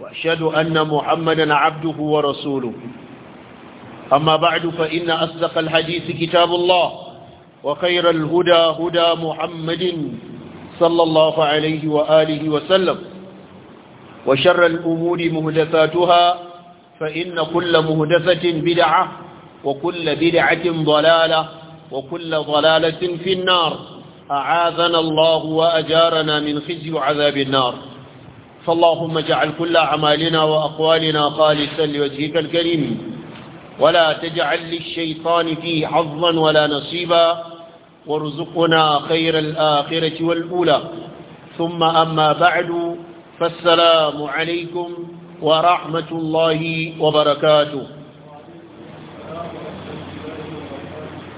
وأشهد أن محمدا عبده ورسوله أما بعد فإن أصدق الحديث كتاب الله وخير الهدى هدى محمد صلى الله عليه وآله وسلم وشر الأمور مهدثاتها فإن كل مهدثة بدعة وكل بدعة ضلالة وكل ضلالة في النار أعاذنا الله وأجارنا من خزي عذاب النار فاللهم اجعل كل أعمالنا وأقوالنا خالصا لوجهك الكريم ولا تجعل للشيطان فيه حظا ولا نصيبا وارزقنا خير الآخرة والأولى ثم أما بعد فالسلام عليكم ورحمة الله وبركاته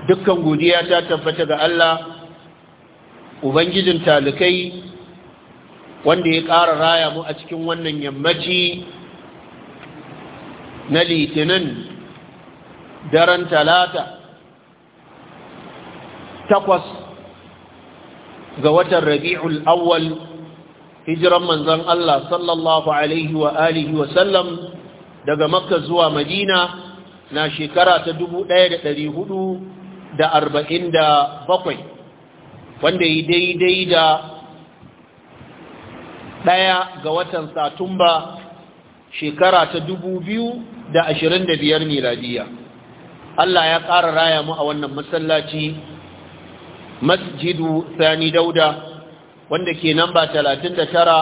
dukkan godiya ta tabbata ga Allah ubangijin talikai wanda ya ƙara raya mu a cikin wannan yammaci na litinin daren talata takwas ga watan rabi'ul awwal hijiran manzon Allah sallallahu alaihi wa alihi wa sallam daga makka zuwa madina na shekara ta da arba'in bakwai, wanda yi daidai da ɗaya ga watan satumba shekara ta dubu biyu da ashirin da biyar miladiya Allah ya ƙara raya mu a wannan masallaci masjidu sani dauda wanda ke namba talatin da tara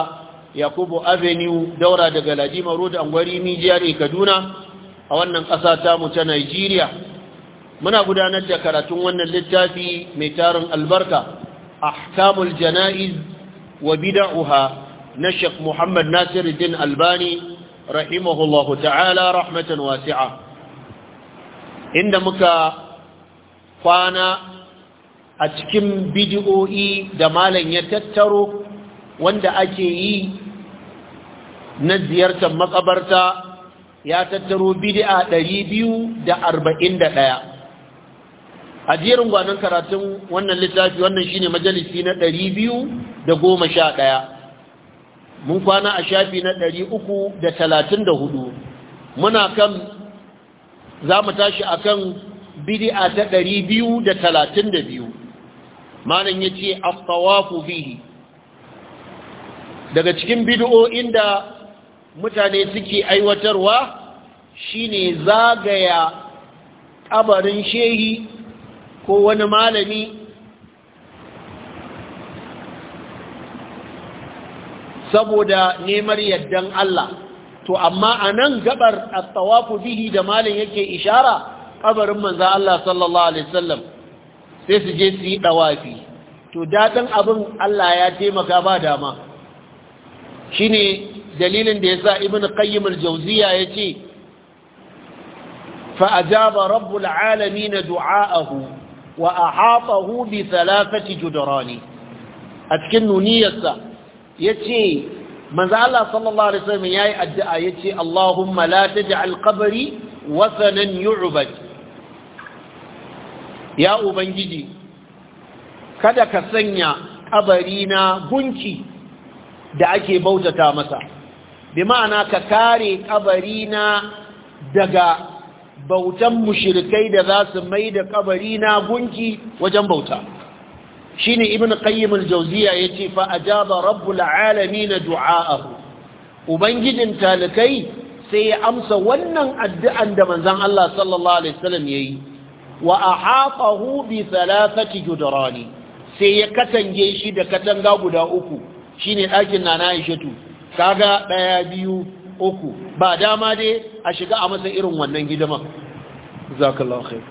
yakubu avenue daura daga ladima road angwari nijiyar kaduna a wannan ƙasa tamu ta nigeria muna gudanar da karatun wannan littafi mai tarin albarka ahkamul jana'iz wa bida'uha na Sheikh Muhammad Nasiruddin Albani rahimahullahu ta'ala rahmatan wasi'a inda muka kwana a cikin bidiyo'i da malam ya tattaro wanda ake yi na ziyartar makabarta ya tattaro bid'a ɗaya. a jerin gwanon karatun wannan littafi wannan shine majalisi na ɗaya. mun kwana a shafi na ɗari uku da da hudu, muna kan za mu tashi a kan bidi'a ta ɗari biyu da da biyu. malam ya ce aftawafu bihi daga cikin bidi'o'in inda mutane suke aiwatarwa shine zagaya ƙabarin shehi ko wani malami saboda nemar yaddan Allah to amma anan gabar at-tawafu bihi da malin yake ishara kabarin manzo Allah sallallahu alaihi wasallam sai su je su yi dawafi to dadin abin Allah ya taimaka ba dama shine dalilin da yasa ibn qayyim al-jawziya yace fa ajaba rabbul alamin du'aahu wa ahatahu bi thalathati judrani a cikin nuniyarsa yace manza Allah sallallahu alaihi wasallam yi addu'a yace Allahumma la taj'al qabri wasanan yurubat ya ubangiji kada ka sanya ƙabari na gunki da ake bautata masa bi ma'ana ka kare ƙabari na daga bautan mushrikai da za su mai da kabari na gunki wajen bauta shine ibn qayyim al-jawziya yace fa ajaba rabbul alamin du'aahu ubangijin talikai sai ya amsa wannan addu'an da manzon Allah sallallahu alaihi wasallam yayi wa ahatahu bi thalathati judrani sai ya katange shi da katanga guda uku shine ɗakin nana Aishatu kaga ɗaya biyu uku ba dama dai a shiga a masa irin wannan hidiman zakallahu khair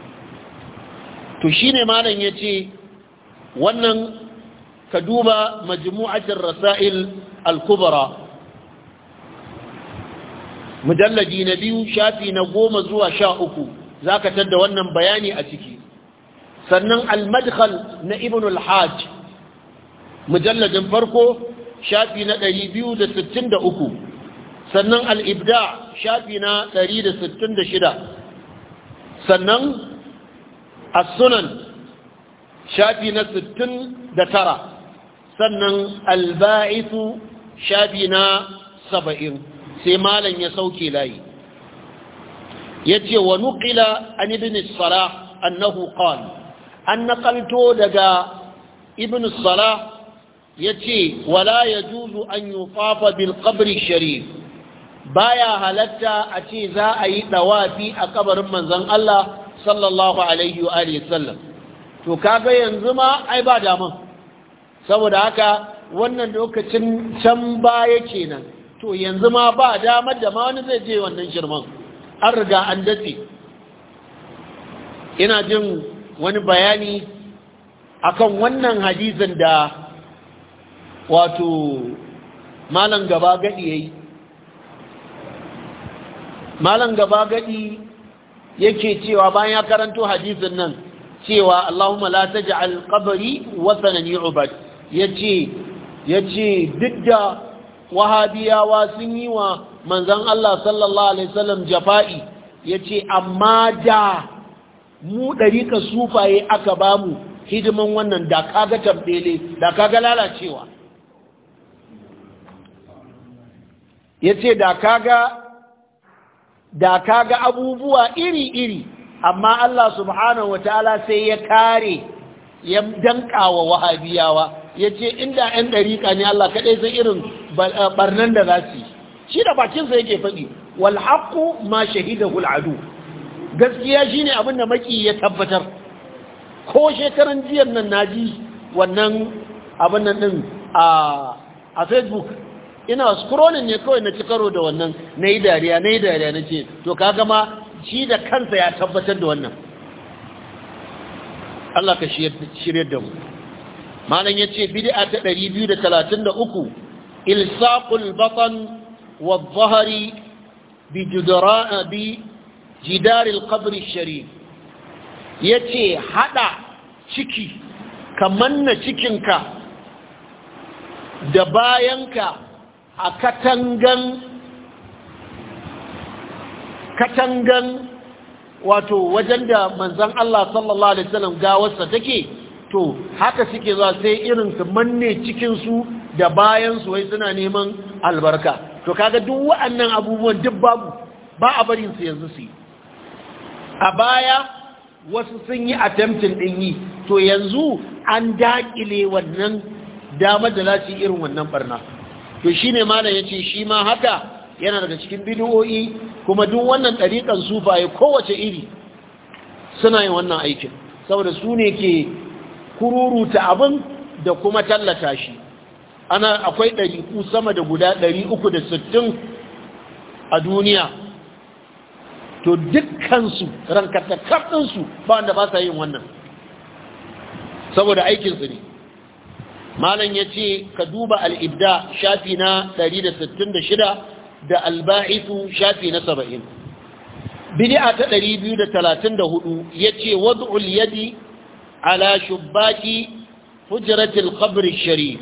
to shine malam yace wannan ka duba majmu'atin rasail al-kubra na biyu shafi na goma zuwa sha uku za ka tadda wannan bayani a ciki sannan al-madkhal na ibn al-hajj mujalladin farko shafi na 263 sannan al-ibda shafi na 166 sannan as-sunan shafi na 69 sannan alba'isu shafi na 70 sai malam ya sauke layi yace wa nuqila an ibn salah annahu qala an naqalto daga ibn salah yace wala yajuzu an yufafa bil qabr sharif baya halatta a ce za a yi dawafi a kabarin manzon Allah sallallahu alaihi wa sallam to kaga yanzu ma ai ba daman saboda haka wannan lokacin can baya kenan to yanzu ma ba damar da ma wani zai je wannan shirman an riga an dace ina jin wani bayani akan wannan hadisin da wato malam gaba gadi yayi Malam gaba gadi yake cewa bayan ya karanto hadisin nan cewa Allahumma la taj'al qabri wathanan yu'bad yace yace duk da wahabiyawa sun yi wa manzon Allah sallallahu alaihi wasallam jafa'i yace amma da mu dariƙa sufaye aka bamu hidiman wannan da kaga tambele da kaga lalacewa yace da kaga da kaga abubuwa iri-iri amma Allah subhanahu ta'ala sai ya kare ya dankawa wahabiyawa yace inda 'yan dariƙa ne Allah kaɗai san irin barnan eh, da za su shi da bakinsa yake faɗi wal ma shahidahu al adu gaskiya shine abin da maki ya tabbatar ko shekaran jiyan nan ji wannan abin nan a Facebook ina scrolling ne kawai na ci karo da wannan na yi dariya na yi dariya na ce to kaga shi da kansa ya tabbatar da wannan Allah ka shirye da mu malam yace bid'a ta 233 ilsaqul batan wa dhahri bi judara bi jidar al-qabr al-sharif yace hada ciki kamanna cikinka da bayanka a katangan katangan wato wajen da manzan Allah sallallahu Alaihi wasallam gawarsa take to haka suke zuwa sai irin su manne cikinsu da bayansu wai suna neman albarka to kaga duk wa'annan abubuwan duk babu ba a barin yanzu su yi a baya wasu sun yi attempting din yi to yanzu an dakile wannan damar da za su yi irin wannan barna to shine malam yace shi ma haka yana daga cikin bid'o'i kuma duk wannan ɗariƙan sufaye kowace iri suna yin wannan aikin saboda su ne ke kururuta abin da kuma tallata shi ana akwai ɗariƙu sama da guda ɗari uku da sittin a duniya to dukkansu kaɗinsu ba wanda ba sa yin wannan saboda aikinsu ne malam ya ce ka duba al'idda shafi na 166 da alba'isu shafi na saba'in Bini'a ta 234 yace wad'ul yadi ala shubbaki hujratil kabri sharif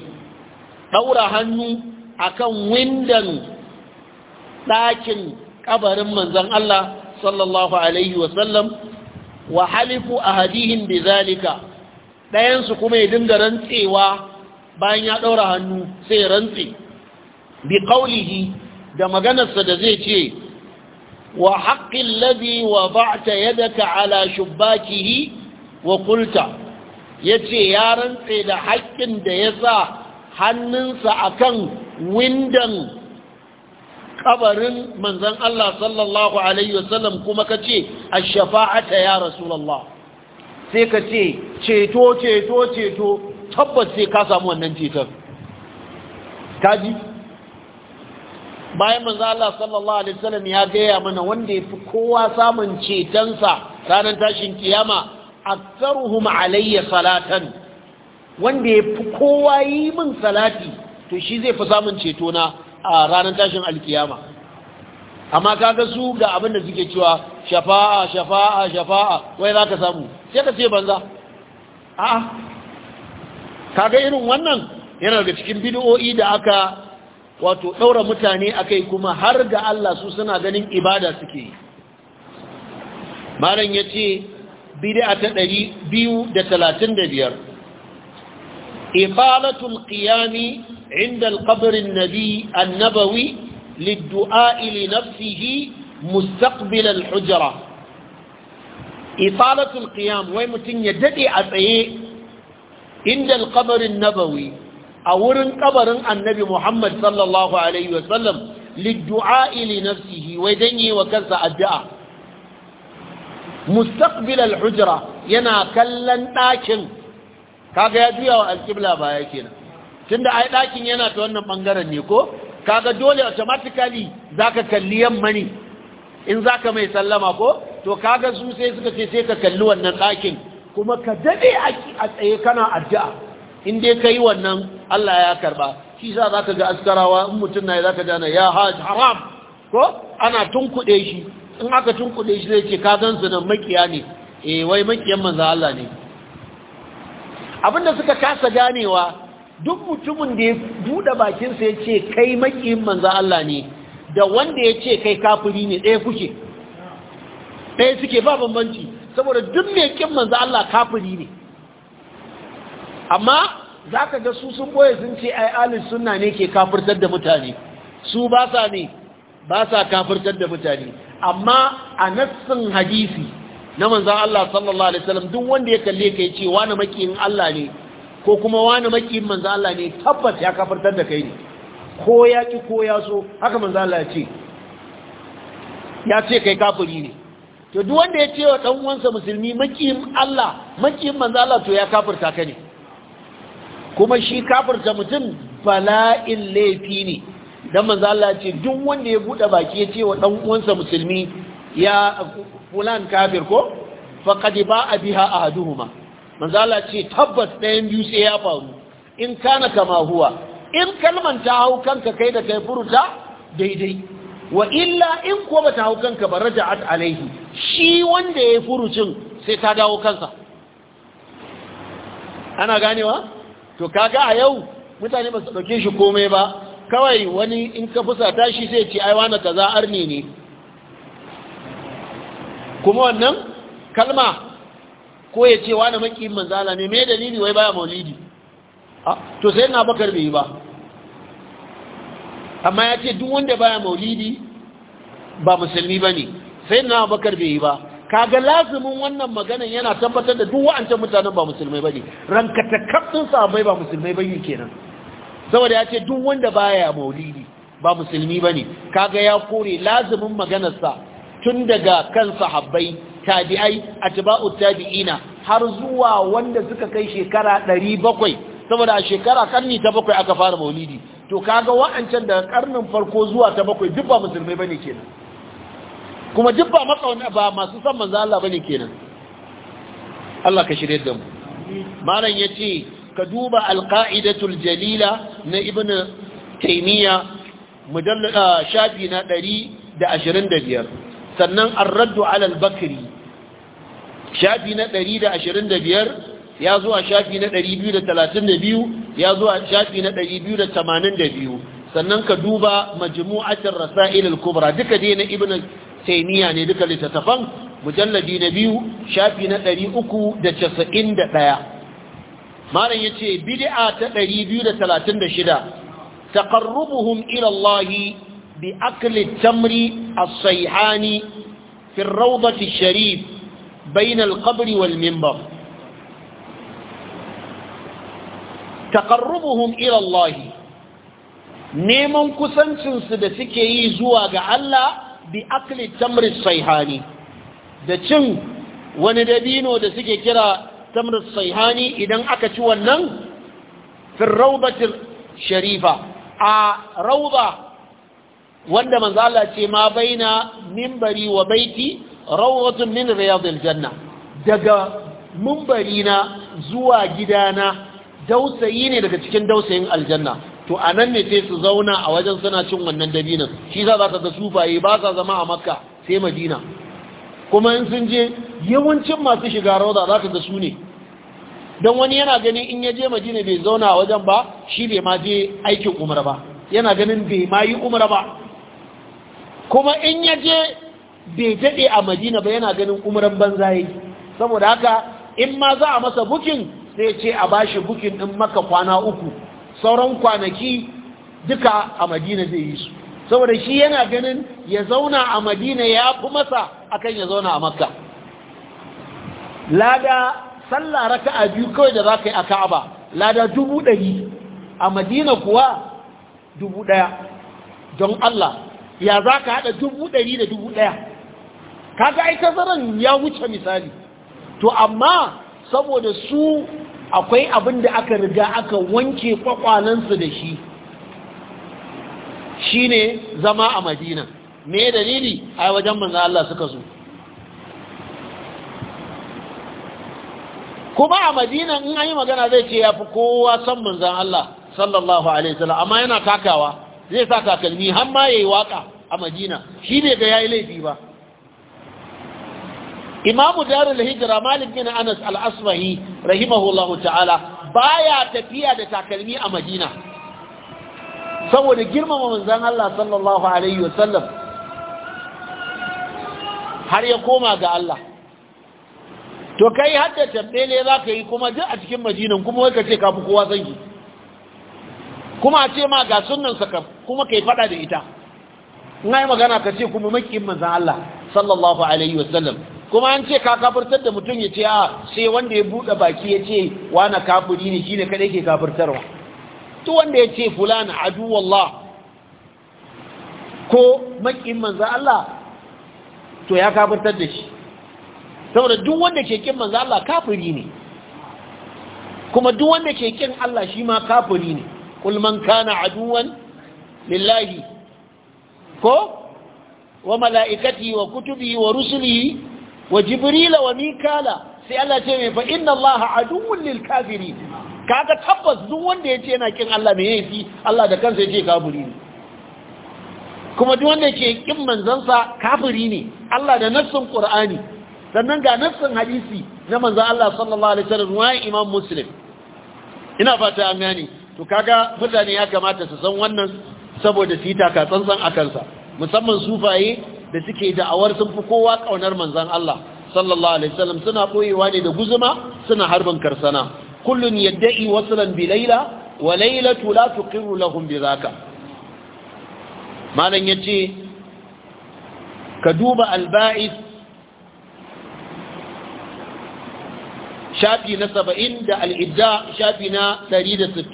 Ɗaura hannu akan windan dakin ƙabarin manzon Allah sallallahu alaihi wa sallam wa halifu ahadihim bizalika Ɗayansu kuma ya dinga rantsewa bayan ya ɗaura hannu sai rantse. bi qawlihi da maganarsa da zai ce wa haƙƙin labi wa ba'ta yadaka ala shubbakihi wa kulta ya ce ya rantse da haƙƙin da ya sa hannunsa a kan windan ƙabarin manzan Allah sallallahu Alaihi wasallam kuma ka ce a shafa'ata ya rasulallah sai ka ce ceto ceto ceto tabbas sai ka samu wannan ceton kaji bayan manzo Allah sallallahu alaihi wasallam ya gaya mana wanda yafi kowa samun cetonsa ranar tashin kiyama aktsaruhum alayya salatan wanda yafi kowa yi min salati to shi zai fi samun ceto na a ranar tashin alkiyama amma kaga su ga abin da suke cewa shafa'a shafa'a shafa'a wai zaka samu sai ka ce banza a'a kaga irin wannan yana daga cikin bid'o'i da aka wato ɗaura mutane akai kuma har ga Allah su suna ganin ibada suke yi malam ya ce bid'a ta ɗari biyu da talatin da biyar iqalatul qiyami inda alqabrin nabi annabawi liddu'a li nafsihi mustaqbil alhujra iqalatul qiyam wai mutum ya dade a tsaye inda alqabrin nabawi a wurin kabarin annabi Muhammad sallallahu alaihi wasallam liddu'a'i li nafsihi wai danye wa kansa addu'a mustaqbil al-hujra yana kallon ɗakin kaga ya juya wa alƙibla baya kenan tunda ai ɗakin yana ta wannan bangaren ne ko kaga dole automatically zaka kalli yamma ne in zaka mai sallama ko to kaga su sai suka ce sai ka kalli wannan ɗakin kuma ka daɗe a tsaye kana addu'a in dai kai wannan Allah ya karba shi sa za ka ga askarawa in mutum na za ka jana ya haram ko ana tunkuɗe shi in aka tunkuɗe shi zai ce ka zan su nan makiya ne eh wai makiyan manza Allah ne abinda suka kasa ganewa duk mutumin da ya buɗe bakinsa ya ce kai makiyan manza Allah ne da wanda ya ce kai kafiri ne ɗaya kuke ɗaya suke ba bambanci saboda duk mai kin manza Allah kafiri ne amma za ka ga su sun boye sun ce ai alis suna ne ke kafirtar da mutane su ba sa ne ba sa kafirtar da mutane amma a nassin hadisi na manzan Allah sallallahu alaihi wasallam duk wanda ya kalle ka ce wani makiyin Allah ne ko kuma wani makiyin manzan Allah ne tabbas ya kafirtar da kai ne ko ya ki ko ya so haka manzan Allah ya ce ya ce kai kafiri ne to duk wanda ya ce wa ɗan uwansa musulmi makiyin Allah makiyin manzan Allah to ya kafirta ka ne kuma shi kafirta mutum bala'in laifi ne don manzo Allah ce duk wanda ya buɗe baki ya ce wa dan uwansa musulmi ya fulan kafir ko ba a biha ahaduhuma manzo Allah ce tabbas ɗayan biyu sai ya faru in kana kama huwa in kalman ta hau kanka kai da kai furuta daidai wa illa in ko bata hau kanka ba raja raja'at alaihi shi wanda ya yi furucin sai ta dawo kansa ana ganewa to kaga a yau mutane ba su ɗauke shi komai ba kawai wani in ka fusa tashi sai ce aiwa na kaza arni ne kuma wannan kalma ko ya ce wani maki manzala ne mai dalili wai baya maulidi ah, to sai na bakar bai ba amma ya ce duk wanda baya maulidi ba musulmi ba ne sai na bakar bai yi ba kaga lazumin wannan maganan yana tabbatar da duk wa'ancan mutanen ba musulmai bane ranka sa sahabbai ba musulmai bane kenan saboda ya ce duk wanda baya maulidi ba musulmi bane kaga ya kore lazimin sa tun daga kan sahabbai tabi'ai atba'u tabi'ina har zuwa wanda suka kai shekara 700 saboda a shekara karni ta bakwai aka fara maulidi to kaga wa'ancan daga karnin farko zuwa ta bakwai duk ba musulmai bane kenan kuma duk ba matsauna ba masu san manzo Allah bane kenan Allah ka shirye da mu malam yace ka duba alqaidatul jalila na ibn taymiya mujallada ah, shafi na 125 sannan ar-radd ala al-bakri shafi na 125 ya zuwa shafi na 232 ya zuwa shafi na 282 sannan ka duba majmu'atul rasail al-kubra duka dai na ibn taimiyya ne duka littattafan mujalladi na biyu shafi na ɗari uku da casa'in da ɗaya malam ya ce bid'a ta ɗari biyu da talatin da shida taƙarrubuhum ilallahi bi akli tamri as-sayhani fi rawdati sharif bain al-qabr wal minbar taqarrubuhum ila Allah neman kusancin su da suke yi zuwa ga Allah bi akli tamr Faihani, da cin wani dabino da suke kira tamri Faihani idan aka ci wannan fi sharifa a Rauba, wanda Manzala ce ma baina mimbari wa baiti rawdatun min riyadil janna daga mimbari na zuwa gidana dausayi ne daga cikin dausayin aljanna to a nan ne sai su zauna a wajen suna cin wannan dabinan shi za za ka ga sufaye ba sa zama a makka sai madina kuma in sun je yawancin masu shiga rauda za ka ga su ne don wani yana ganin in ya je madina bai zauna a wajen ba shi bai ma je aikin umar ba yana ganin bai ma yi umar ba kuma in ya je bai daɗe a madina ba yana ganin umaran banza yi saboda haka in ma za a masa bukin sai ce a bashi bukin ɗin maka kwana uku sauran kwanaki duka a madina zai yi su saboda shi yana ganin ya zauna a madina ya fi masa akan ya zauna a makka lada sallah raka a biyu kawai da za ka yi a ka'aba lada dubu ɗari a madina kuwa dubu ɗaya don Allah ya za ka haɗa dubu ɗari da dubu ɗaya kaga ai ya wuce misali to amma saboda su akwai abin da aka riga aka wanke kwakwalansu da shi shi ne zama a madina me dalili a wajen manza Allah suka zo kuma a madina in an yi magana zai ce ya fi kowa san manzan Allah sallallahu alaihi wasallam amma yana takawa zai sa takalmi har ma yayi waka a madina shi ne ga yayi laifi ba imamu darul hijira malik bin anas al-asmahi rahimahullahu ta'ala baya tafiya da takalmi a madina saboda girmama manzon Allah sallallahu alaihi wasallam har ya koma ga Allah to kai hadda tambele zaka yi kuma duk a cikin madinan kuma wai ka ka kuma a ce ma ga sunnan saka kuma kai fada da ita in ai magana ka ce kuma makiyin manzon Allah sallallahu alaihi wasallam kuma an ce ka kafirtar da mutum ya ce a sai wanda ya buɗe baki ya ce wani kafiri ne shi ne kaɗai ke kafirtarwa tu wanda ya ce fulani aduwallah ko makin manza Allah to ya kafirtar da shi saboda duk wanda ke kin manza Allah kafiri ne kuma duk wanda ke kin Allah shi ma kafiri ne kulman kana aduwan lillahi ko wa mala'ikati wa kutubi wa rusulihi wa jibrila wa mikala sai Allah ce mai fa inna Allah aduwwun lil kafiri kaga tabbas duk wanda yace yana kin Allah me yafi Allah da kansa yace kafiri ne kuma duk wanda yake kin manzansa kafiri ne Allah da nassin Qur'ani sannan ga nassin hadisi na manzon Allah sallallahu alaihi wasallam wa Imam Muslim ina fata an gane to kaga mutane ya kamata su san wannan saboda su yi takatsantsan a kansa musamman sufaye da suke da'awar sun fi kowa ƙaunar manzan Allah sallallahu alaihi wasallam suna boyewa ne da guzuma suna harbin karsana kullun yadda'i waslan bi Laila wa laylatu la tuqiru lahum bi zaka malan yace ka duba al-ba'ith shafi na 70 da al-idda shafi na 166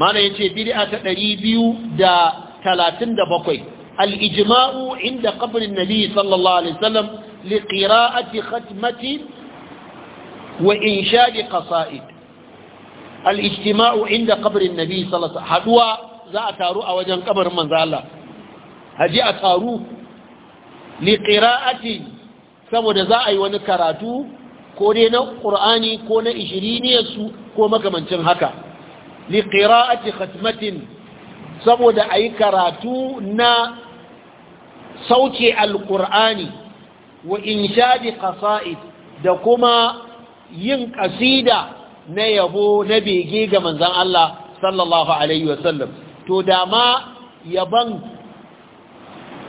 malan yace bid'a ta 237 الإجماع عند قبر النبي صلى الله عليه وسلم لقراءة ختمة وإنشاد قصائد الاجتماع عند قبر النبي صلى الله عليه وسلم حدوى a taru a wajen kamar mazala Allah haji a taru li qira'ati saboda za a yi wani karatu ko dai na ƙur'ani ko na ishiriniyarsu ko makamancin haka li saboda a yi karatu na sauke alƙur'ani wa inshadi ƙasa'id da kuma yin ƙasida na yabo na bege ga manzan Allah sallallahu Alaihi wasallam to dama yaban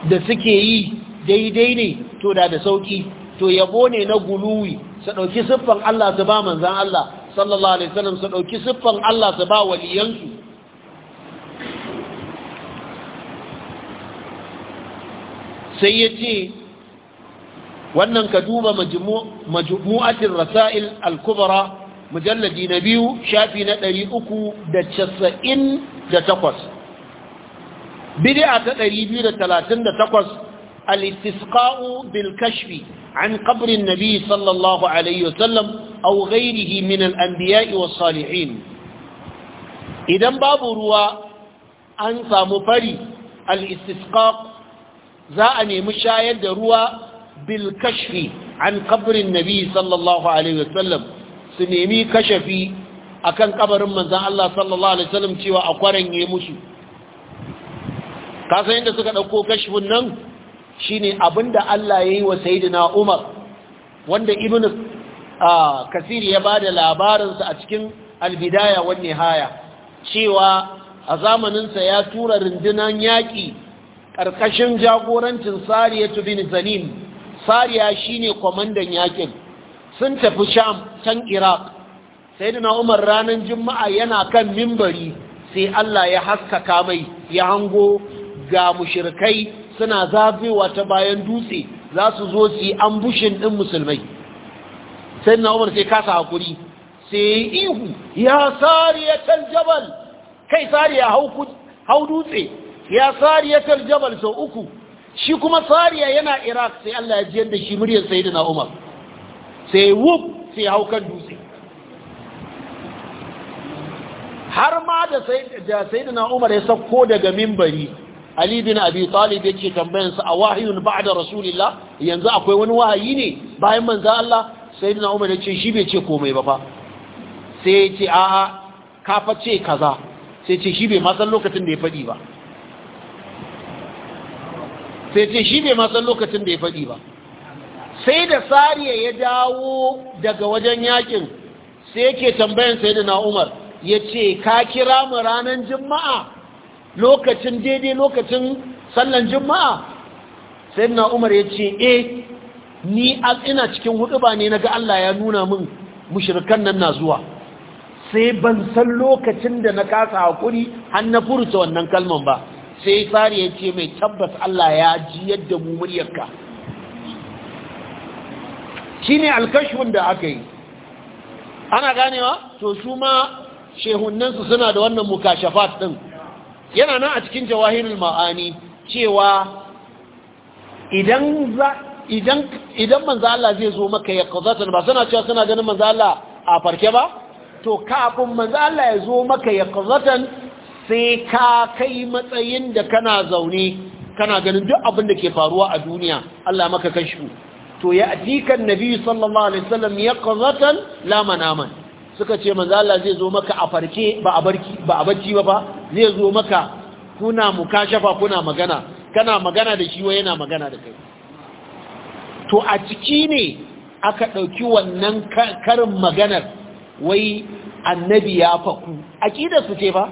da suke yi daidai ne to da da sauki to yabo ne na guluwi su ɗauki siffan Allah su ba manzan Allah sallallahu Alaihi wasallam su ɗauki siffan Allah su ba waliyansu sai ya ce wannan ka duba majmu'atin rasa'il al-kubra mujalladi na biyu shafi na ɗari uku da casa'in da takwas bidi'a ta ɗari biyu da talatin da takwas al-istisqa'u bil kashfi an qabrin nabi sallallahu alaihi wasallam aw ghairihi min al-anbiya'i was salihin idan babu ruwa an samu fari al-istisqa za a nemi shayar da ruwa bil kashfi an kabarin nabi sallallahu alaihi wasallam su nemi kashafi akan kabarin manzan Allah sallallahu alaihi wasallam cewa a ya musu kasan yadda suka ɗauko kashfin nan shine abinda Allah ya yi wa sayidina Umar wanda ibn kasiri ya ba da labarinsa a cikin albidaya wani haya cewa a zamaninsa ya tura rundunan yaƙi ƙarƙashin jagorancin sariyatu bin zanim sariya ne kwamandan yakin sun tafi sham can iraq sai da umar ranar juma'a yana kan mimbari sai allah ya haskaka mai ya hango ga mushirkai suna zafewa ta bayan dutse za su zo su yi ambushin ɗin musulmai sai na'umar sai kasa hakuri sai ihu ya sariya can jabal kai sariya hau dutse ya sariyatar jabal sau uku shi kuma sariya yana iraq sai allah ya ji yadda shi muryar na umar sai wuf sai hau dutse har ma da na umar ya sauko daga mimbari ali bin abi talib ce tambayansa a ba da rasulillah yanzu akwai wani wahayi ne bayan manza allah sayyidina umar ya ce shi bai ce komai ba fa sai ya ce a'a kafa ce kaza sai ce shi bai ma lokacin da ya faɗi ba sai ce shi bai masan lokacin da ya faɗi ba sai da sariya ya dawo daga wajen yakin sai yake tambayan sai da na'umar ya ce ka kira mu ranar jima'a lokacin daidai lokacin sallan jima'a sai da na'umar ya ce e ni ina cikin hudu ba ne na ga Allah ya nuna min mushirikan nan na zuwa sai ban san lokacin da na kasa haƙuri har na furta wannan kalman ba sai fari ya ce mai tabbas Allah ya ji yadda mu muryarka shi ne alkashwun da aka yi ana ganewa to su ma shehunninsu suna da wannan mukashafat din yana nan a cikin jawahirin ma'ani cewa idan manza Allah zai zo maka ya qazatan ba suna cewa suna ganin manza Allah a farke ba to kafin manza Allah ya zo maka ya qazatan sai ka kai matsayin da kana zaune kana ganin duk abin da ke faruwa a duniya Allah maka kashfu to ya atikan nabi sallallahu alaihi wasallam yaqzatan la manaman suka ce manzo Allah zai zo maka a farke ba a barki ba a bacci ba zai zo maka kuna mukashafa kuna magana kana magana da shi wa yana magana da kai to a ciki ne aka ɗauki wannan karin maganar wai annabi ya faku su ce ba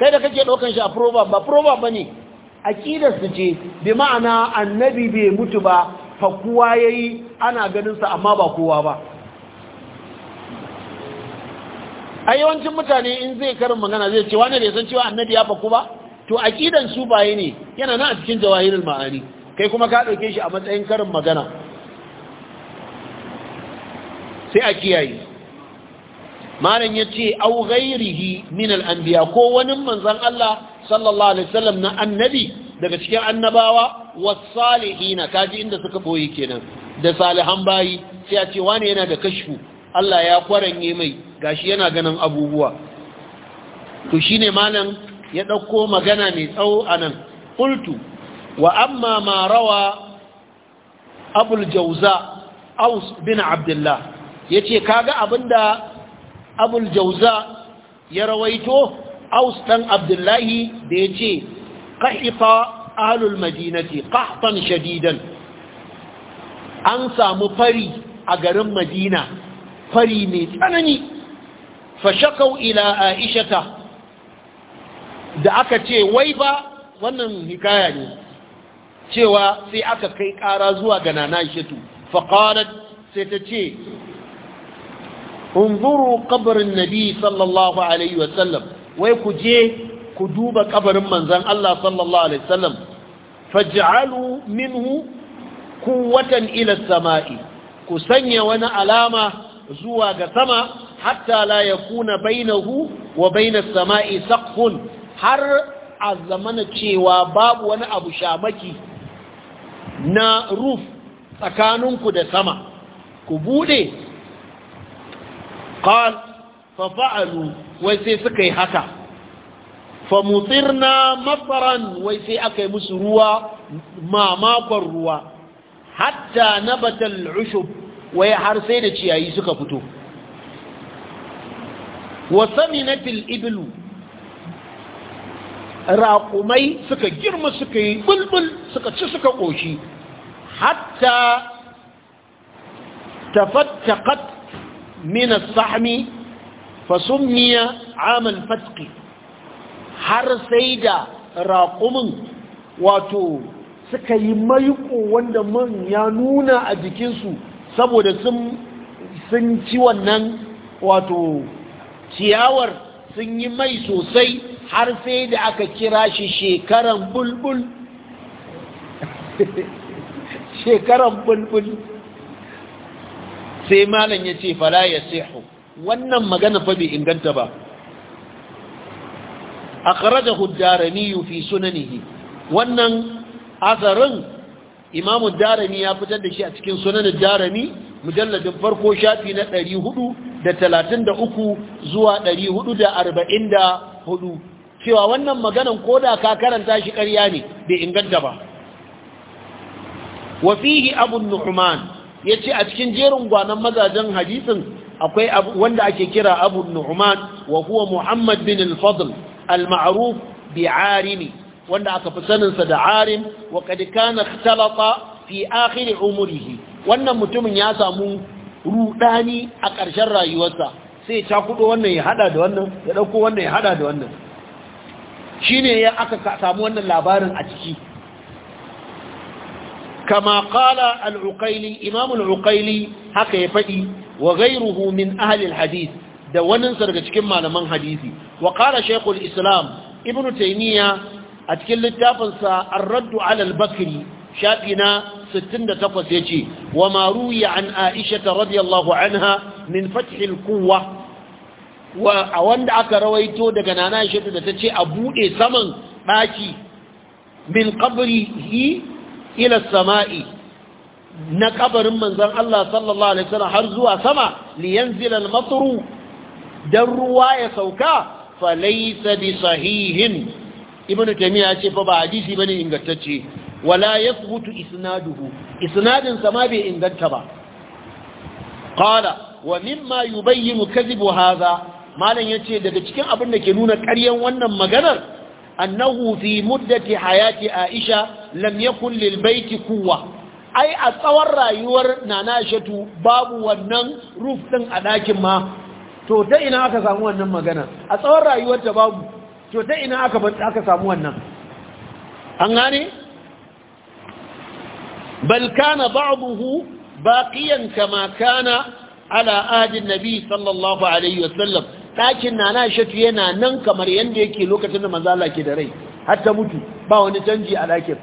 kai da kake ɗaukan shi a proverb ba proverb ba ne aƙidar su ce bi ma'ana annabi bai mutu ba fakuwa ya yi ana ganinsa amma ba kowa ba a yawancin mutane in zai karin magana zai ce wani da san cewa annabi ya faku ba to aƙidan su baye ne yana nan a cikin jawahirin ma'ani kai kuma ka ɗauke shi a matsayin karin magana sai a kiyaye malam ya ce au ghairihi min al'anbiya ko wani manzan Allah sallallahu alaihi wasallam na annabi daga cikin annabawa na kaji inda suka boye kenan da salihan bayi sai a ce wani yana da kashfu Allah ya kwaranye mai gashi yana ganin abubuwa to ne malam ya ɗauko magana mai tsawo anan qultu wa amma ma rawa abul aus bin abdullah yace kaga abinda abul jauza ya rawaito aus dan abdullahi da ya ce kahita ahlul madinati qahtan shadidan an samu fari a garin madina fari mai tsanani fashakau ila aishata da aka ce wai ba wannan hikaya ne cewa sai aka kai ƙara zuwa ga nana ishatu faqalat sai ta ce unzuru ƙabarin nabi sallallahu alaihi wasallam wai ku je ku duba ƙabarin manzon Allah sallallahu alaihi wasallam faj'alu minhu quwwatan ila samai ku sanya wani alama zuwa ga sama hatta la yakuna hu wa baina samai saqfun har a zamana cewa babu wani abu shamaki na roof tsakaninku da sama ku buɗe. qal fa fa'alu wai sai suka haka fa mutirna masaran wai sai aka musu ruwa mamakon ruwa hatta nabata al-ushub wai har sai da ciyayi suka fito wa saminatil iblu raƙumai suka girma suka yi bulbul suka ci suka ƙoshi hatta tafattakat من الصحم sahmi fasumiya الفتق har sai da raƙumin wato suka yi maiƙo wanda man ya nuna a jikinsu saboda sun ci wannan wato ciyawar sun yi mai sosai har sai da aka kira shi shekaran bulbul shekaran bulbul sai malam ya ce fala ya sihu wannan magana fa bai inganta ba akhrajahu ad-darimi fi sunanihi wannan azarin imamu darimi ya fitar da shi a cikin sunanin darimi mujalladin farko shafi na 433 zuwa 444 cewa wannan maganan koda ka karanta shi ƙarya ne bai inganta ba wa fihi abu ya ce a cikin jerin gwanon mazajen hadisin akwai wanda ake kira abu nu'man wa huwa muhammad bin al-fadl al-ma'ruf bi arimi wanda aka fi saninsa da arim wa kad kana fi akhir umrihi wannan mutumin ya samu rudani a ƙarshen rayuwarsa sai ya cakudo wannan ya hada da wannan ya dauko wannan ya hada da wannan shine ya aka samu wannan labarin a ciki kama qala al'uƙaili uqayli imam haka ya faɗi wa gairuhu min ahli al-hadith da wannan daga cikin malaman hadisi wa qala shaykhul islam ibn taimiyya a cikin littafin sa raddu alal ala al-bakri shafi na 68 yace wa maruya an aisha radiyallahu anha min fath kuwa a wanda aka rawaito daga nana aisha da tace a bude saman ɗaki min qabrihi ila sama'i na kabarin manzon Allah sallallahu alaihi wasallam har zuwa sama liyan yanzila al don dan ruwa ya sauka Falaisa laysa bi sahihin Ibn taymiya ce fa ba hadisi bane ingantacce wala yathbutu isnaduhu isnadin sama bai inganta ba qala wa mimma kazi buhaza. hadha ya ce daga cikin abin da ke nuna karyan wannan maganar annahu fi muddati hayaki aisha lam yakun lil baiti quwwa ai a tsawon rayuwar nana aishatu babu wannan roof din a dakin ma to ta ina aka samu wannan magana a tsawon rayuwar babu to ta ina aka samu wannan an gane bal ala nabi sallallahu alaihi ɗakin na na shatu yana nan kamar yadda yake lokacin da manzala ke da rai har ta mutu ba wani canji a ɗakin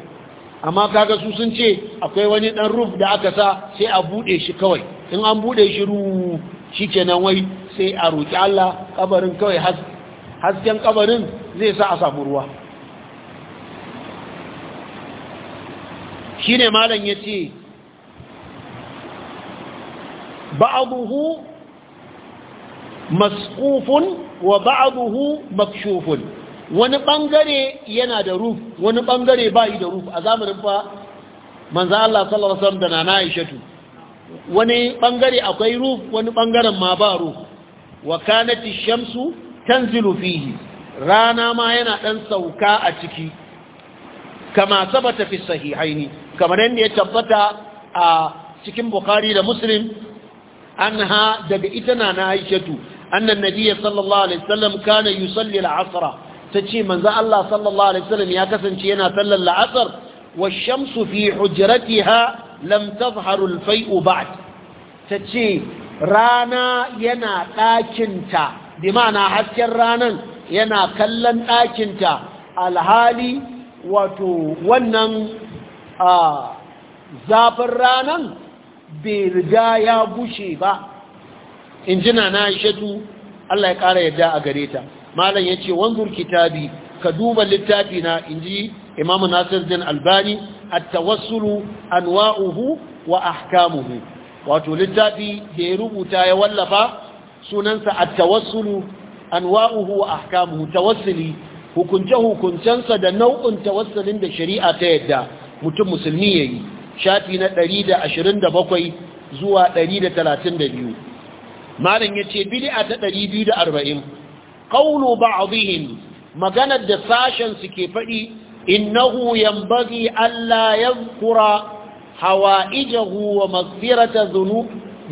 amma kaga su sun ce akwai wani ɗan ruf da aka sa sai a buɗe shi kawai in an buɗe shi ruru shi ke kenan wai sai a roƙi Allah kabarin kawai hasken ƙabarin zai sa a samu ruwa shi ne malam ya ce ba hu masƙufun wa ba'aduhu makshufun wani bangare yana da ruf wani bangare bai da ruf a zamanin fa manzo Allah sallallahu alaihi wasallam da nana Aishatu wani bangare akwai ruf wani bangaren ma ba ruf wa kanati shamsu tanzilu fihi rana ma yana dan sauka a ciki kama sabata fi sahihaini kamar yadda ya tabbata a cikin Bukhari da Muslim anha daga ita na na أن النبي صلى الله عليه وسلم كان يصلي العصر تشي من ذا الله صلى الله عليه وسلم يكسن شينا صلى العصر والشمس في حجرتها لم تظهر الفيء بعد تشي رانا ينا تاكنتا بمعنى حتى رانا ينا كلن تاكنتا الهالي wato wannan zafin ranan bai riga ya gushe ba In jina na aishatu Allah ya ƙara yadda a gare ta malam ya ce wanzur kitabi ka duba littafi na ji imamu nasir din albani a tawassulu wa'uhu wa ahkamuhu wato littafi da ya rubuta ya wallafa sunansa a tawassulu wa'uhu wa ahkamuhu tawassuli hukunce hukuncensa da nau'in tawassulin da shari'a ta yadda mutum musulmi ya yi. shafi na 127 zuwa 132 malin yace bid'a ta ɗari biyu da 240 qawlu ba'dihim maganar da sashen suke fadi innahu yanbaghi alla yadhkura hawa'ijahu wa maghfirata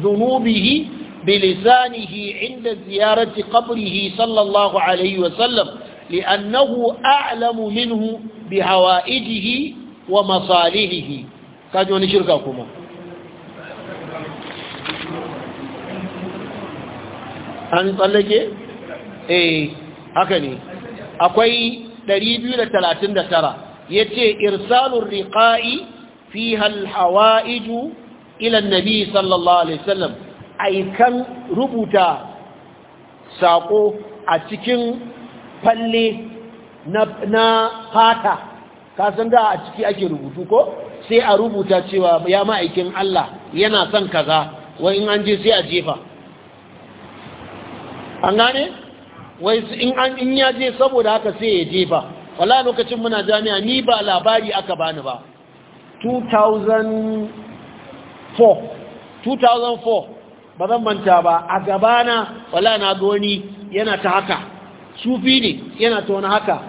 dhunubihi bilisanihi inda ziyarati qabrihi sallallahu alayhi wa sallam li'annahu a'lamu minhu bihawa'ijihi wa masalihihi kaje wani shirka kuma an tsallake? eh haka ne akwai 239 ya ce irsalun riƙa'i fi halhawa'iju ilan nabi sallallahu alaihi wasallam aikan rubuta saƙo a cikin falle na fata kasan da a ciki ake rubutu ko sai a rubuta cewa ya ma'aikin Allah yana son kaza wa in an je sai a jefa an gane wai in an in ya je saboda haka sai ya jefa wala lokacin muna jami'a ni ba labari aka bani ba 2004 2004 ba zan manta ba a gabana wala na goni yana ta haka sufi ne yana ta wani haka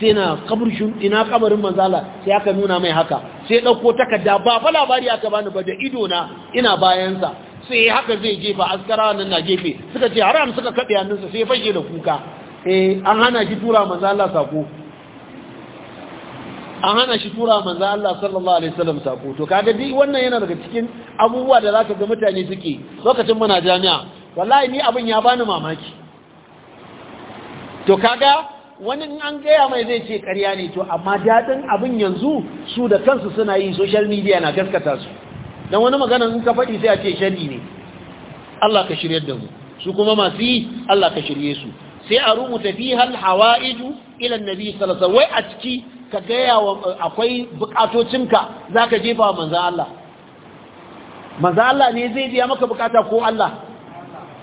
sai na kabarshin ina kabarin manzala sai aka nuna mai haka sai ɗauko takarda ba fa labari aka bani ba da ido na ina bayansa sai haka zai jefa askara nan na gefe suka ce haram suka kaɗe hannunsa sai fashe da kuka eh an hana shi tura manzo Allah sako an hana shi tura manzo Allah sallallahu alaihi wasallam sako to kaga dai wannan yana daga cikin abubuwa da zaka ga mutane suke lokacin muna jami'a wallahi ni abin ya bani mamaki to kaga wani in an gaya mai zai ce ƙarya ne to amma daɗin abin yanzu su da kansu suna yi social media na gaskata su dan wani magana in ka faɗi sai a ce shari ne Allah ka shiryar da mu su kuma masu yi Allah ka shirye su sai a rubuta fi hal hawaiju ila annabi sallallahu alaihi wai a ciki ka gaya wa akwai bukatocinka zaka jefa manzo Allah manzo Allah ne zai biya maka bukata ko Allah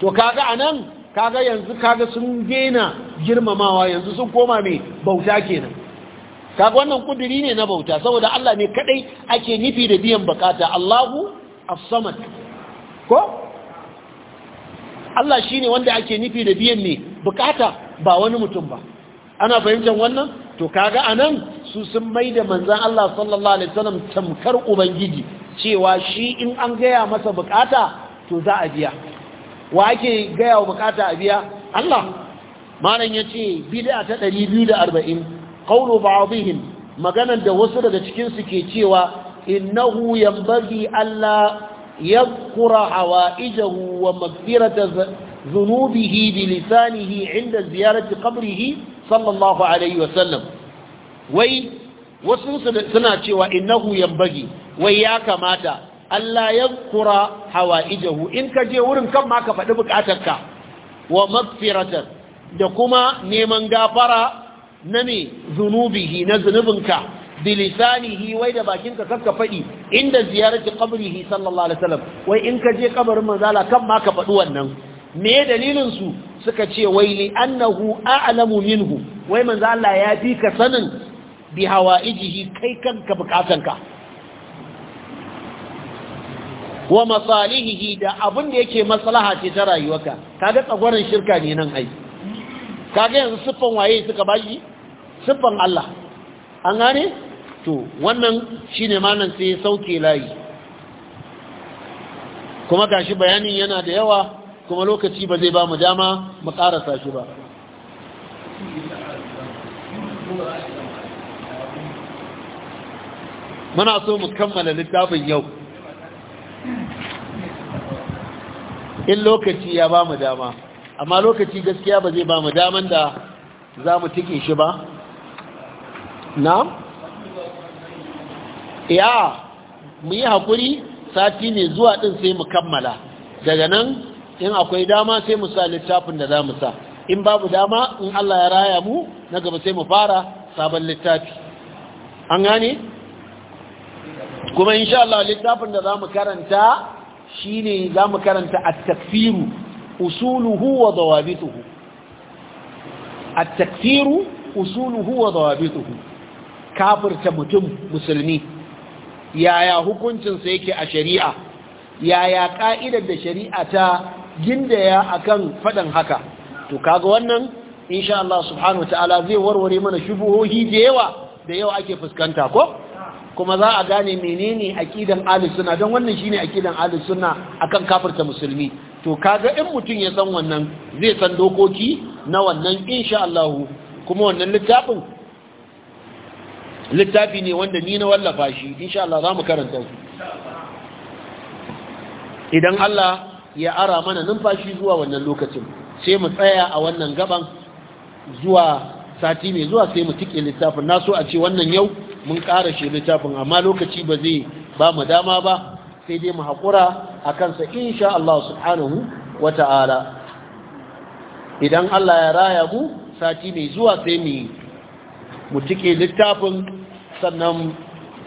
to kaga anan kaga yanzu kaga sun gena girmamawa yanzu sun koma me bauta kenan kaga wannan kuduri ne na bauta saboda Allah ne kadai ake nufi da biyan bukata Allahu as-samad ko Allah shine wanda ake nufi da biyan ne bukata ba wani mutum ba ana fahimtar wannan to kaga anan su sun maida manzon Allah sallallahu alaihi wasallam tamkar ubangiji cewa shi in an gaya masa bukata to za a biya wa ake gaya wa bukata a biya Allah malam yace bid'a ta 240 qawlu ba'dihim maganan da wasu daga cikin su ke cewa innahu yanbaghi alla yadhkura hawaijahu wa maghfirata dhunubihi bi lisanihi 'inda ziyarati qabrihi sallallahu alaihi wa sallam wai wasu suna cewa innahu yanbaghi wai ya kamata Allah ya kura hawaijahu in ka je wurin kan ma ka faɗi bukatarka wa magfiratar da kuma neman gafara na ne zunubihi na zunubinka bilisanihi wai da bakinka kakka faɗi inda ziyarci qabrihi sallallahu alaihi wasallam wai in ka je kabarin manzala kan ma ka faɗi wannan me dalilin su suka ce wai li annahu a'lamu minhu wai manzala ya fi ka sanin bi hawaijihi kai kanka bukatanka wa masalihihi da abin da yake maslaha ce ta rayuwarka kaga tsagwaran shirka ne nan aiki. kage yanzu siffan waye suka bashi siffan Allah an gane to wannan shine malam sai ya sauke layi kuma gashi bayanin yana da yawa kuma lokaci ba zai ba mu dama mu karasa shi ba muna so mu kammala littafin yau in lokaci ya ba mu dama amma lokaci gaskiya ba zai ba mu daman da za mu tike shi ba na? ya mu yi haƙuri sati ne zuwa ɗin sai mu kammala daga nan in akwai dama sai mu sa littafin da za mu sa in babu dama in Allah ya raya mu na gaba sai mu fara sabon littafi an gane? kuma insha Allah littafin da za mu karanta shi ne za mu karanta a takfiru usuluhu wa dhawabituhu at-takfiru usuluhu wa dhawabituhu kafirta mutum musulmi yaya hukuncinsa yake a shari'a yaya ka'idar da shari'a ta gindaya akan fadan haka to kaga wannan insha Allah subhanahu wataala zai warware mana shubuhohi da yawa da yawa ake fuskanta ko kuma za a gane menene aƙidan ahlus sunna don wannan shine aqidan ahlus sunna akan kafirta musulmi to kaga in mutum ya san wannan zai san dokoki na wannan insha Allah kuma wannan littafin littafi ne wanda ni na wallafa shi insha Allah za mu karanta su idan Allah ya ara mana numfashi zuwa wannan lokacin sai mu tsaya a wannan gaban zuwa sati mai zuwa sai mu tike littafin naso a ce wannan yau mun ƙara shi littafin amma lokaci ba zai ba mu dama ba sai dai mu haƙura a kansa insha Allah subhanahu wa ta'ala idan Allah ya raya mu sati mai zuwa sai mu mu tike littafin sannan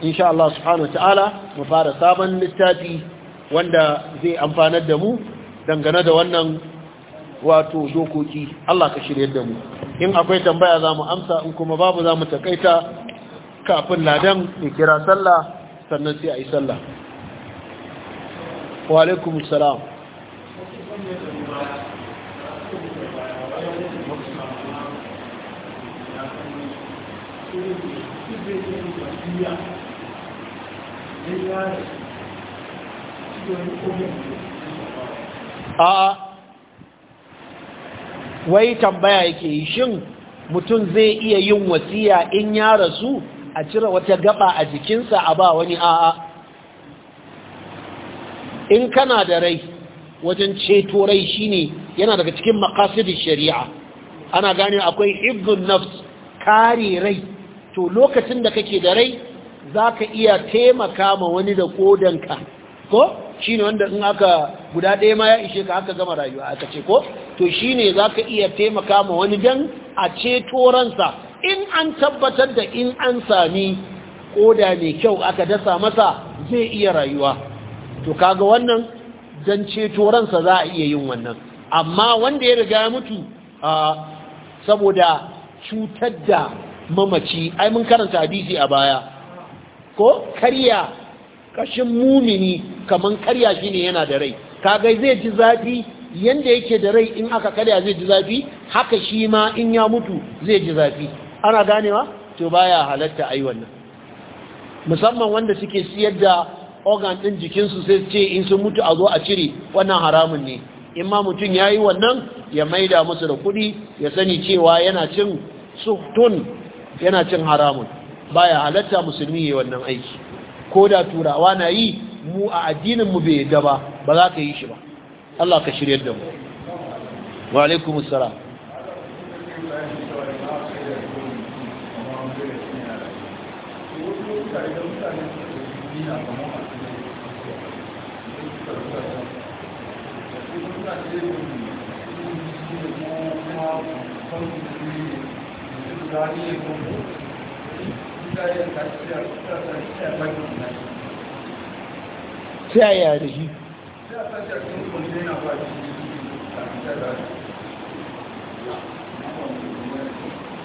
insha Allah subhanahu wa ta'ala mu fara sabon littafi wanda zai amfanar da mu dangane da wannan wato dokoki Allah ka shirye da mu in akwai tambaya za mu amsa in kuma babu za mu takaita kafin ladan ya kira sallah sannan sai a yi sallah wa السلام a wai tambaya yake shin mutum zai iya yin wasiya in ya rasu a cire wata gaba a jikinsa a ba wani a'a in kana da rai wajen ceto rai shine yana daga cikin makasidin shari'a ana gane akwai ibn nafs kare rai to lokacin da kake da rai zaka iya taimaka ma wani da kodanka ko shine wanda in aka guda ɗaya ma ya ishe ka aka gama rayuwa aka ce ko to shine zaka iya taimaka ma wani dan a ceto ransa in an tabbatar da in an sami koda mai kyau aka dasa masa zai iya rayuwa to kaga wannan dan ceto ransa za a iya yin wannan amma wanda ya riga mutu saboda cutar da mamaci ai mun karanta hadisi a baya ko karya kashin mumini kaman karya shine yana da rai kaga zai ji zafi yanda yake da rai in aka karya zai ji zafi haka shi ma in ya mutu zai ji zafi ana ganewa to baya halatta ai wannan musamman wanda suke siyar da organ ɗin jikinsu sai ce in sun mutu a zo a cire wannan haramun ne in ma mutum ya yi wannan ya maida musu da kuɗi ya sani cewa yana cin suhtun yana cin haramun baya halatta musulmi ya wannan aiki ko da turawa na yi mu a addinin mu bai yadda ba ba za ka yi shi ba Allah ka shirya da mu wa alaikumus salam shi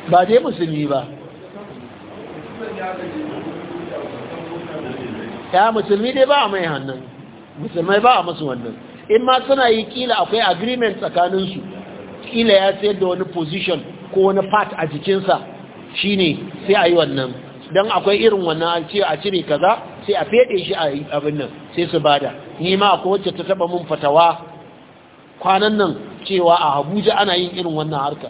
ba dai musulmi ba ya musulmi dai ba a mai hannun musulmai ba a masu wannan in ma suna yi kila akwai agreement tsakaninsu kila ya sayar da wani position ko wani part a jikinsa shi ne sai a yi wannan don akwai irin wannan an ce a cire kaza sai a fede shi a abin nan sai su bada ni ma akwai wacce ta taba mun fatawa kwanan nan cewa a Abuja ana yin irin wannan harka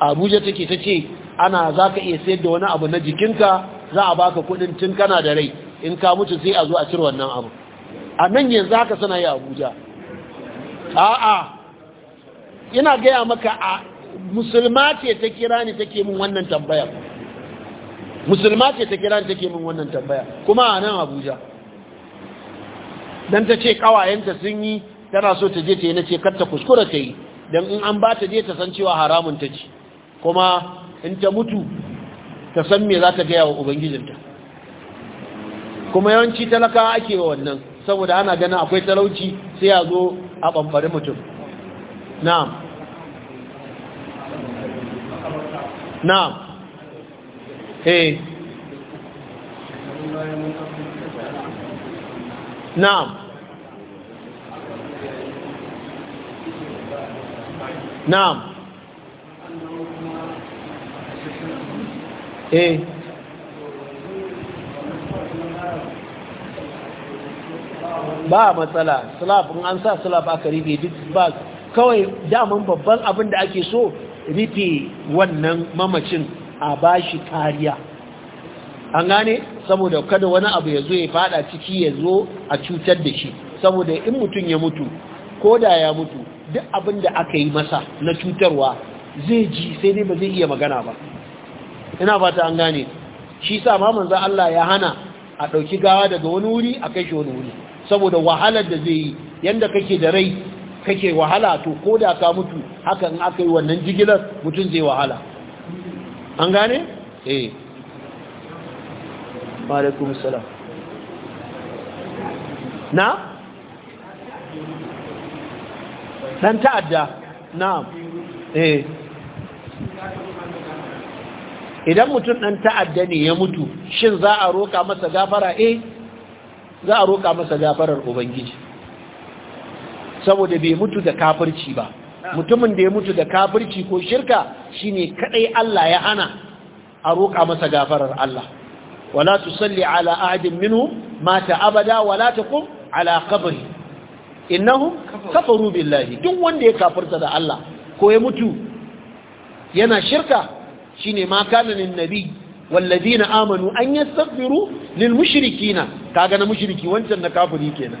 Abuja take ta ce ana za ka iya sayar da wani abu na jikinka za a baka kudin tun kana da rai in ka mutu sai a zo a cire wannan abu a nan yanzu haka suna yi abuja a'a ina gaya maka a musulma ce ta kira ni take min wannan tambaya musulma ce ta kira ni take min wannan tambaya kuma a nan abuja don ta ce kawayenta sun yi tana so ta je ta yi na ce karta kuskura ta yi don in an ba ta je ta san cewa haramun ta ci kuma in ta mutu ta san me za ta gaya wa ubangijinta kuma yawanci talaka ake wa wannan saboda ana ganin akwai talauci sai ya zo a bambari mutum na'am na'am He. Eh. na'am na'am He. Eh. ba matsala slab in an sa slap aka rufe duk ba kawai daman babban abin da ake so rufe wannan mamacin a bashi kariya an gane saboda kada wani abu ya zo ya fada ciki ya zo a cutar da shi saboda in mutum ya mutu ko da ya mutu duk abin da aka yi masa na cutarwa zai ji sai dai ba zai iya magana ba ina fata an gane shi sa ma manzo Allah ya hana a ɗauki gawa daga wani wuri a kai shi wani wuri saboda wahalar da zai yi yadda kake da rai kake wahala to ko da ka mutu haka in aka yi wannan jigilar mutum zai wahala an gane? eh alaikum salam na? dan ta'adda na eh idan mutum dan ta'adda ne ya mutu shin za a roƙa masa gafara eh za a roƙa masa gafarar ubangiji saboda bai mutu da kafirci ba mutumin da ya mutu da kafirci ko shirka shine kadai Allah ya hana a roƙa masa gafarar Allah wala tusalli ala ahadin minhum mata abada wala taqum ala qabri innahum kafaru billahi duk wanda ya kafirta da Allah ko ya mutu yana shirka shine ma kana nabi wallazina amanu an yastaghfiru lil mushrikina kaga na mushriki wancan na kafiri kenan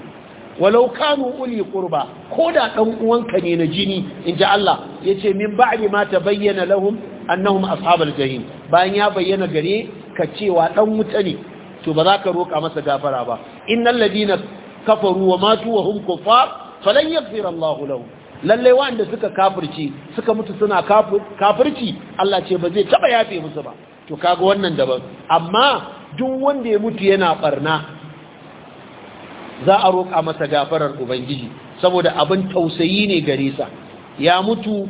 walau kanu uli qurba koda dan uwanka ne na jini inji Allah yace min ba'di ma tabayyana lahum annahum ashabul jahim bayan ya bayyana gare ka cewa dan wuta ne to ba za ka roka masa gafara ba innal ladina kafaru wa matu wa hum kuffar falan yaghfir Allah lahum lalle wanda suka kafirci suka mutu suna kafirci Allah ce ba zai taba yafe musu ba to kaga wannan daban amma duk wanda ya mutu yana barna za a roƙa masa gafarar ubangiji saboda abin tausayi ne gare sa ya mutu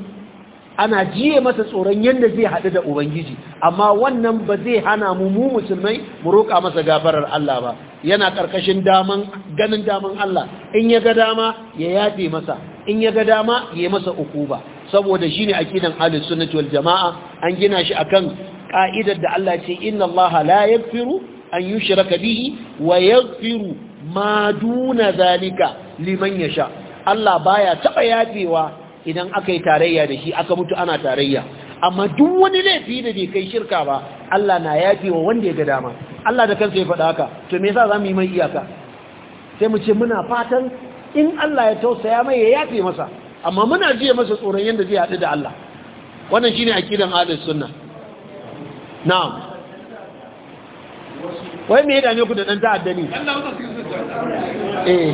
ana jiye masa tsoron yadda zai haɗu da ubangiji amma wannan ba zai hana mu mu musulmai mu roƙa masa gafarar Allah ba yana ƙarƙashin daman ganin daman Allah in ya ga dama ya yafe masa in ya ga dama ya masa uku ba. saboda shine akidan ahlus sunnati wal jamaa an gina shi akan ƙa'idar da Allah ce inna Allah la yaghfiru an yushraka bihi wa yaghfiru ma duna zalika liman yasha Allah baya taba yafewa idan aka yi tarayya da shi aka mutu ana tarayya amma duk wani laifi da bai kai shirka ba Allah na yafewa wanda ya ga dama Allah da kansa ya faɗa haka to me yasa zamu yi mai iyaka sai mu ce muna fatan in Allah ya tausaya mai ya yafe masa amma muna jiya masa tsoron yanda zai haɗu da Allah wannan shine aqidan ahlus sunna na'am wai me ya dame ku da ta'adda ne eh.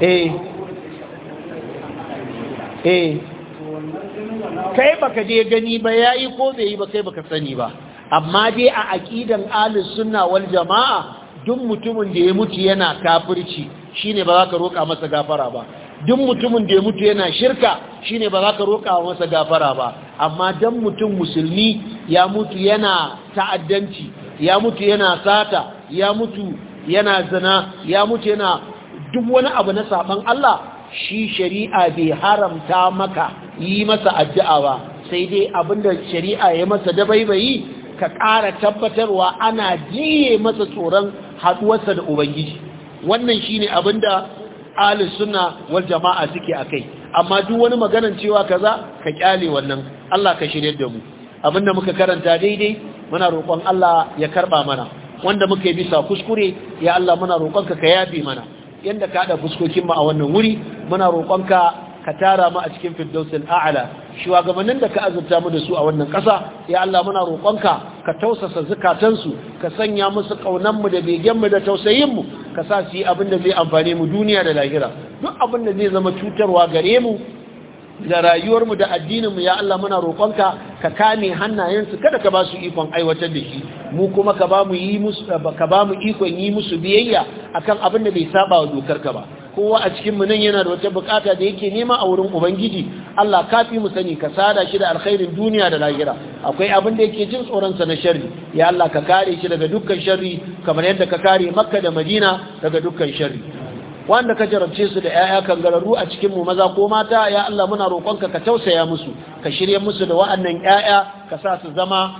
Eh. Eh. kai baka je gani ba yayi ko bai yi ba kai baka sani ba amma dai a aqidan ahlus sunna wal jamaa duk mutumin da ya mutu yana kafirci shine ba za ka roƙa masa gafara ba duk mutumin da ya mutu yana shirka shine ba za ka roƙa masa gafara ba amma dan mutum musulmi ya mutu yana ta'addanci ya mutu yana sata ya mutu yana zina ya mutu yana duk wani abu na saban Allah shi shari'a bai haramta maka yi masa addu'a ba sai dai abin da shari'a ya masa dabaibayi ka ƙara tabbatarwa ana jiye masa tsoron Haɗuwarsa da ubangiji wannan shine da alis suna wal jama'a suke a kai amma duk wani maganan cewa kaza ka kyale wannan Allah ka shirye da mu abin da muka karanta daidai muna roƙon Allah ya karɓa mana wanda muka yi bisa kuskure ya Allah muna roƙonka ka yafe mana yanda ka haɗa fuskokin mu a wannan wuri muna roƙonka ka tara mu a cikin firdausil a'ala shugabannin da ka azurta mu da su a wannan ƙasa ya Allah muna roƙonka ka tausasa zukatansu ka sanya musu kaunan mu da begenmu mu da tausayin mu ka sa su yi abin da zai amfane mu duniya da lahira duk abin da zai zama cutarwa gare mu da rayuwarmu da addininmu ya Allah muna roƙonka ka kame hannayensu kada ka ba su ikon aiwatar da shi mu kuma ka ba mu yi musu ka ba mu ikon yi musu biyayya akan abin da bai saba wa dokar ka ba kowa a cikin mu nan yana da wata bukata da yake nema a wurin ubangiji Allah ka fi mu sani ka sada shi da alkhairin duniya da lahira akwai abin da yake jin tsoron sa na sharri ya Allah ka kare shi daga dukkan sharri kamar yadda ka kare Makka da Madina daga dukkan sharri wanda ka jarabce su da 'ya'ya kangararru a cikin maza ko mata ya Allah muna roƙonka ka tausaya musu ka shirye musu da wa'annan 'ya'ya ka sa su zama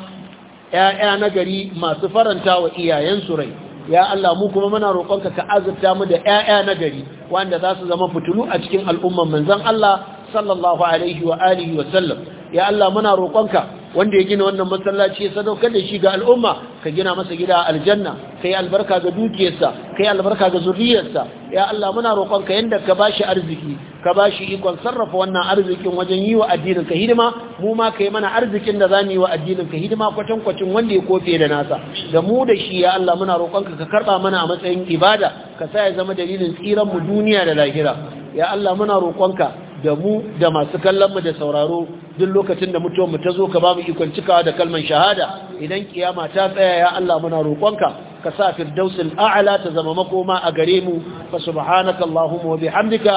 'ya'ya na gari masu faranta wa iyayensu rai ya Allah mu kuma muna roƙonka ka azurta mu da 'ya'ya na gari wanda za su zama fitilu a cikin al'umman manzon Allah sallallahu alaihi wa alihi wa sallam ya Allah muna roƙonka wanda ya gina wannan masallaci ya sadaukar da shi ga al'umma ka gina masa gida a aljanna kai albarka ga dukiyarsa kai albarka ga zuriyarsa ya Allah muna roƙon ka yanda ka bashi arziki ka bashi ikon sarrafa wannan arzikin wajen yi wa addinin ka hidima mu ma kai mana arzikin da zamu yi wa addinin ka hidima kwatan kwacin wanda ya kofe da nasa da mu da shi ya Allah muna roƙon ka ka karba mana a matsayin ibada ka sa ya zama dalilin tsiran mu duniya da lahira ya Allah muna roƙonka da mu da masu kallon mu da sauraro duk lokacin da mutuwar mu ta zo ka ba mu ikon cikawa da kalman shahada idan kiyama ta tsaya ya Allah muna roƙonka ka sa firdausin a'la ta zama makoma a gare mu fa subhanaka allahumma wa bihamdika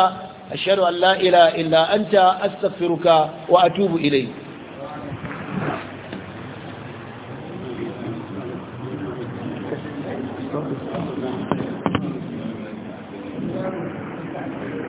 ashhadu an la ilaha illa anta astaghfiruka wa atubu ilayk